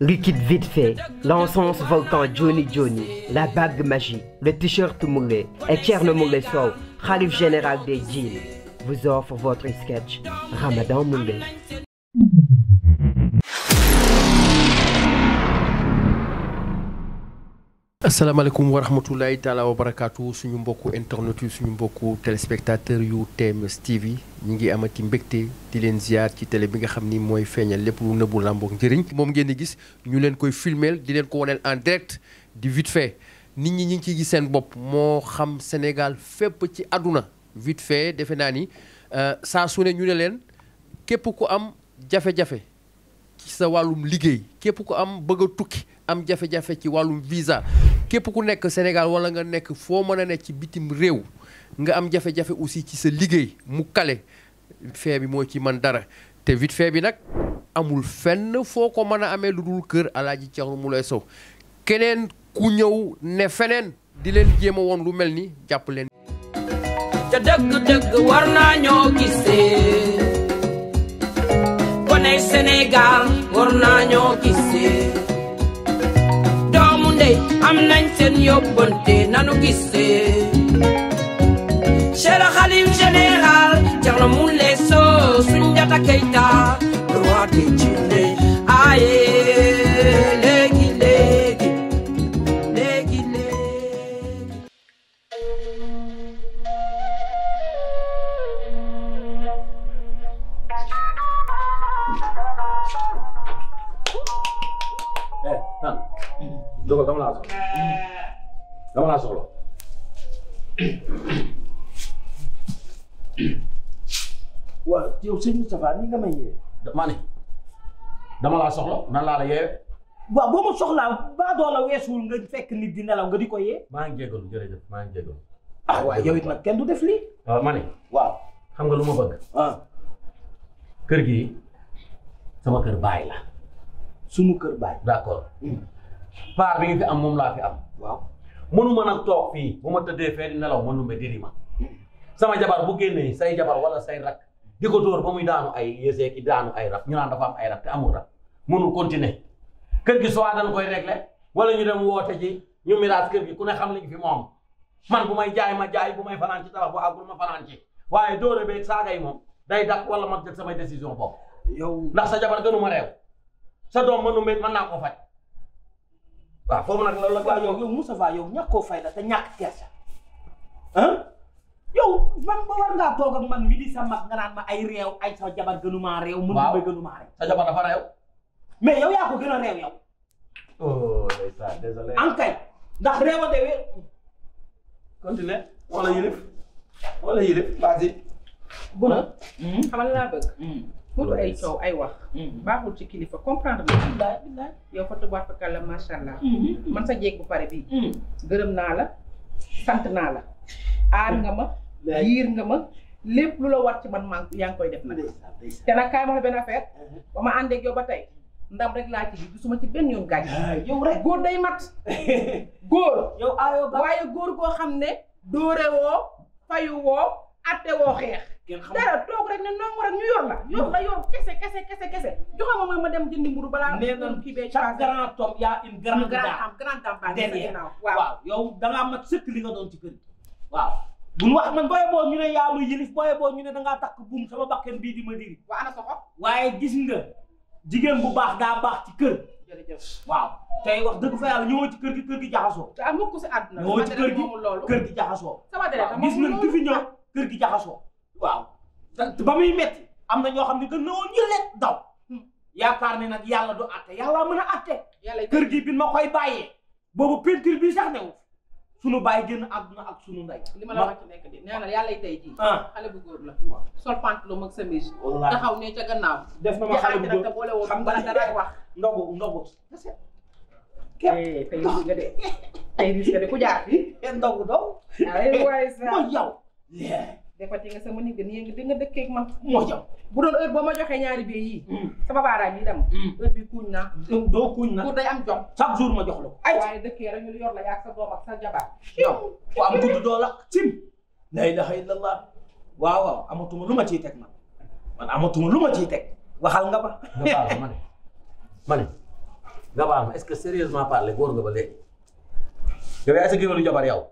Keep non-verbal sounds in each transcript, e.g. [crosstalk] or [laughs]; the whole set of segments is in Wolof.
Liquide vite fait, l'encens volcan Johnny Johnny, la bague magique, le t-shirt moulé et Tcherno Moulé Sow, Khalif général des djinns, vous offre votre sketch Ramadan Moulé. asalaamaaleykum wa rahmatulahi taala wa barakaatu suñu mbokku internet yi suñu mbokku téléspectateur yu TMS TV ñu ngi am amati mbégte di leen ziar ci tele bi nga xam ni mooy feeñal lépp lu nëbbu làmboog njëriñ moom ngeen di gis ñu leen koy filmeel di leen ko waneel en direct di vite fait nit ñi ñu ngi ciy gis seen bopp moo xam Sénégal fépp ci àdduna vite fait defe naa ni euh, saa su ne ñu ne leen képp ku am jafe-jafe ci sa wàllum liggéey képp ku am bëgg tukki am jafe ci wàllum visa képp ku nekk Sénégal wala nga nekk foo mën a nekk ci bitim réew nga am jafe-jafe aussi ci sa liggéey mu kale fee bi moo ci man dara te vite fait bi nag amul fenn foo ko mën a amee lu dul kër Alaaji Thierno Moulay Sow keneen ku ñëw ne feneen di leen jéem a woon lu mel ni jàpp leen. ca dëgg-dëgg war naa ñoo gisee am nañ seen yóbbante nanu gisee Cheikh Khalif général Thierno Moule Sow Soundiata Keita roi de Djilé aye léegi léegi léegi léegi eh Jokalante dama laa soxla. dama laa soxla. waaw yow sëñ Moustapha ni nga may yee. maa ne dama laa soxla nan laa la yee. waaw boo ma soxlaa ba doo la weesuwul nga fekk nit di nelaw nga di ko yee. maa ngi jégalu jërëjëf maa ngi jégalu. aa waaw yow it ma kenn du def lii. waaw ma ne. waaw xam nga lu ma bëgg. kër gi sama kër baay la. sunu kër baay. d'accord. part bi nga fi am moom laa fi am. waaw ma nag toog fii bu ma tëddee fee di nelaw mënu ma di ma sama jabar bu génnee say jabar wala say rak di ko dóor ba muy daanu ay yéesee ki daanu ay rak ñu naan dafa am ay rak te amul rak mënul continuer kër gi soit dañ koy régler wala ñu dem woote ji ñu miraas kër gi ku ne xam liñ fi moom man bu may jaay ma jaay bu may fanaan ci tabax bu àggul ma fanaan ci waaye dóore beeg saaga yi moom day dakk wala ma jël samay décision bopp yow ndax sa jabar gënu ma sa doom mënu mën naa ko faj waaw foofu nag loolu la waaw yow yow Moustapha yow ñàkkoo fayda te ñàkk kersa ah yow man ba war ngaa toog ak man mi di sa mag nga naan ma ay réew ay sa jabar gënumaa réew mën ba gënumaa sa jabar dafa réew mais yow yaa ko gën a réew yow oh ndeysaan désolé an kay ndax réew a dewe continue wala yërëf wala yërëf vas-y bon hmm? xamal laa bëgg hmm. wut ay coow ay wax. baaxul ci kilifa comprendre nga. billaay billaay yow allah. Mm-hmm. man sa jéeg bu pare bii. Mm-hmm. gërëm naa la sant naa la. aar nga ma. yiir nga ma. lépp lu la war ci man maa yaa ngi koy def nag. te nag kaay ma la benn affaire. Uh-huh. ba ma àndeeg yow ba tey. ndam rek laa ci bi gisuma ci benn yoon gaañ. yow góor day mat. [laughs] góor. yow waaye góor koo xam ne. dóore woo fayu woo. atte woo xeex. dara toog rek ne nongo rek ñu yor la. yor kese kese kese kese joxe ma mooy ma dem jëndi mburu balaa. nee nañ kii bee chaque grand homme y a une grande dame grande dame derrière yow da ngaa mat sëkk li nga doon ci kër waaw. bu ñu wax man booy boo ñu ne yaa ma yëlif booy boo ñu ne dangaa takk buum sama bakken bii di ma diri. waaw ana waaye gis nga jigéen bu baax daa baax ci kër. jërëjëf waaw tey wax dëgg fa yàlla ñëwoo ci kër gi kër gi jaxasoo. te am àdduna. ñëwoo ci kër gi kër gi jaxasoo. gis nañ ki fi ñëw kër gi jaxasoo waaw ba muy metti am na ñoo xam ne gën na woon lekk daw hmm. yaakaar ne nag yàlla du àtte yàlla mën a àtte kër gi bi ma koy bàyyee boobu peinture bi sax new sunu bàyyi génn na ak sunu ndey. li ma la wax ci nekk de nee na yàlla tey jii. Ah. xale bu góor la. sol pantalon ak chemise. wallaahi taxaw ne ca gannaaw. def na ma xale bu góor xam nga dara wax. ndogu ndogu. képp eh, tey risque de ku jaar fi. [laughs] ndogu dong. waaye [laughs] yow. defati nga sama ni nii di nga dëkkee ak man moo jox bu doon heure boo ma joxee ñaari bee yii mm. sama baaraam yi dem mm. heure bi kuuñ naa mm. doo kuuñ na pour day am jom chaque jour ma jox la ko ay waaye dëkkee rek ñu yor la yaag sa doom sa jabar yow ku ama gudd doo la cim la ilaha illallah waaw amatuma lu ma ciy teg man man amatuma lu ma ciy teg waxal nga ba nga baal ma ne ma ne nga baal ma est-ce que sérieusement parler góor nga ba léegi yow yaa sa géwélu jabar yow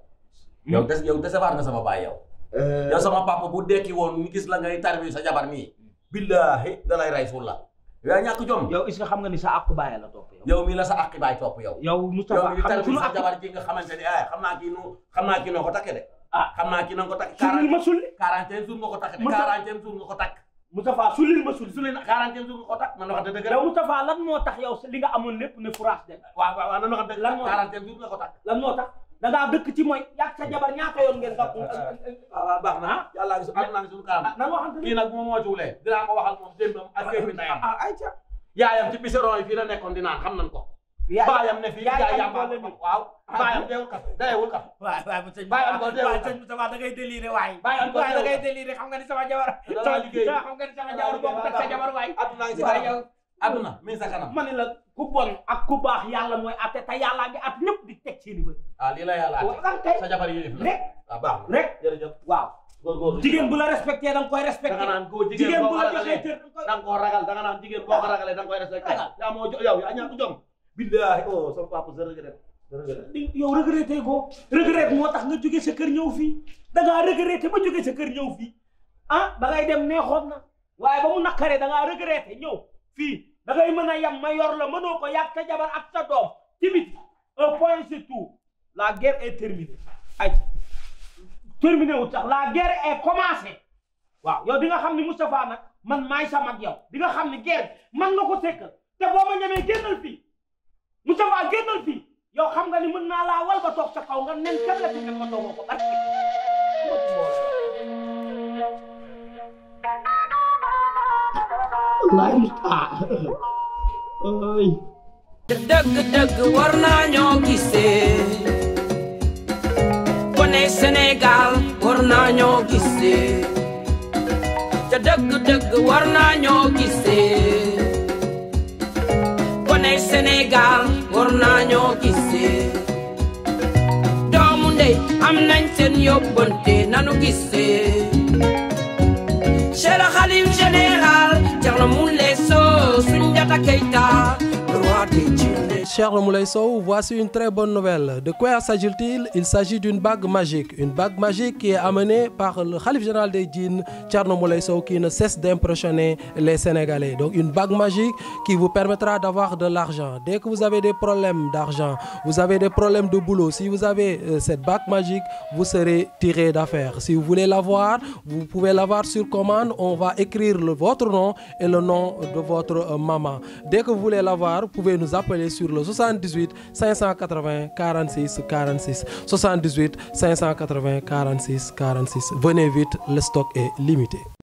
hmm? yow des yow nga sama baay yow Euh, yow sama papa bu dekki woon ñu gis la ngay tarbi sa jabar mi billaahi dalay ray suul la. yaa ñàkk jom. yow est-ce que ni sa àqu baay la topp yow. yow mi la sa àqu baay topp yow. yow Moustapha xam nga sunu àqu yow mi tarbi sa jabar ji nga xamante ne ah xam naa kii nu xam ko takke de. ah xam naa kii na nga ko ma ko takk de. quarantaine jours nga ko takk. Moustapha suulil ma ko takk man wax dëgg yow Moustapha lan moo tax yow li nga amoon lépp ne fourage de. waaw waaw lan moo tax quarantaine jours ko takk lan moo da ngaa dëkk ci mooy yàgg sa jabar ñaata yoon ngeen nga. Ah, waaw baax na ah? yàlla gis am naa suñu kanam. Ah, nan waxante kii nag bu ma moytuwulee dinaa ko waxal moom démbam ak képp ndeyam. yaayam ci biseron yi fii la nekkoon di naan xam nañ ko. baayam ne fii yaayam waaw baayam deewul kafe deewul kafe waaw waaw mu sëñ baayam ko deewul kafe sëñ da ngay déliré waay baayam ko da ngay déliré xam nga ni sama jabar [laughs] xam nga ni sama jabar bokk ak sa jabar waay aduna ngi si kanam aduna mi ngi sa kanam ma ni la ku bon ak ku baax yàlla mooy atte te yàllaa ngi at ñëpp di teg seeni bët. ah lii la yàlla atte sa jabar yëf la rek ah, baax rek jigéen bu la respecté da nga koy respecté. da nga naan koo jigéen boo ko da naan jigéen boo ko ragalee da nga koy respecté. yaa moo yow yaa ñàkk jom. billaahi oh sa regret. yow regretté ko regret moo tax nga jóge sa kër ñëw fii da ngaa regretté ba jóge sa kër ñëw fii ah da ngay dem neexoon na waaye ba mu naqaree da ngaa regretté ñëw da mën a yam ma yor la mënoo ko yàgg sa jabar ak sa doom timit un point c'est tout la guerre est terminée ay terminé wut la guerre est commencée waaw yow di nga xam ni Moustapha nag man maay sa mag yow di nga xam ni guerre man nga ko sekk te boo ma ñemee génnal fii Moustapha génnal fii yow xam nga ni mën naa laa wal ba toog sa kaw nga nen kenn la ci nga ma doogoo ko barke lay ah ay dëgg dëgg war naa ñoo gisee kone Sénégal war naa ñoo gisee te dëgg dëgg war naa ñoo gisee kone Sénégal war naa ñoo gisee doomu ndey am nañ seen yóbbante nanu gisee Cheikh Khalif général Thierno Moule Sow Soundiata Keita le roi des cher Moulay Sow, voici une très bonne nouvelle. De quoi s'agit-il? s'agit d'une bague magique, une bague magique qui est amenée par le khalife général des djinns, Thierno Sow, qui ne cesse d'impressionner les Sénégalais. Donc une bague magique qui vous permettra d'avoir de l'argent. Dès que vous avez des problèmes d'argent, vous avez des problèmes de boulot, si vous avez euh, cette bague magique, vous serez tiré d'affaire. Si vous voulez l'avoir, vous pouvez le 78 580 46 46 78 580 46 46 venez vite le est limité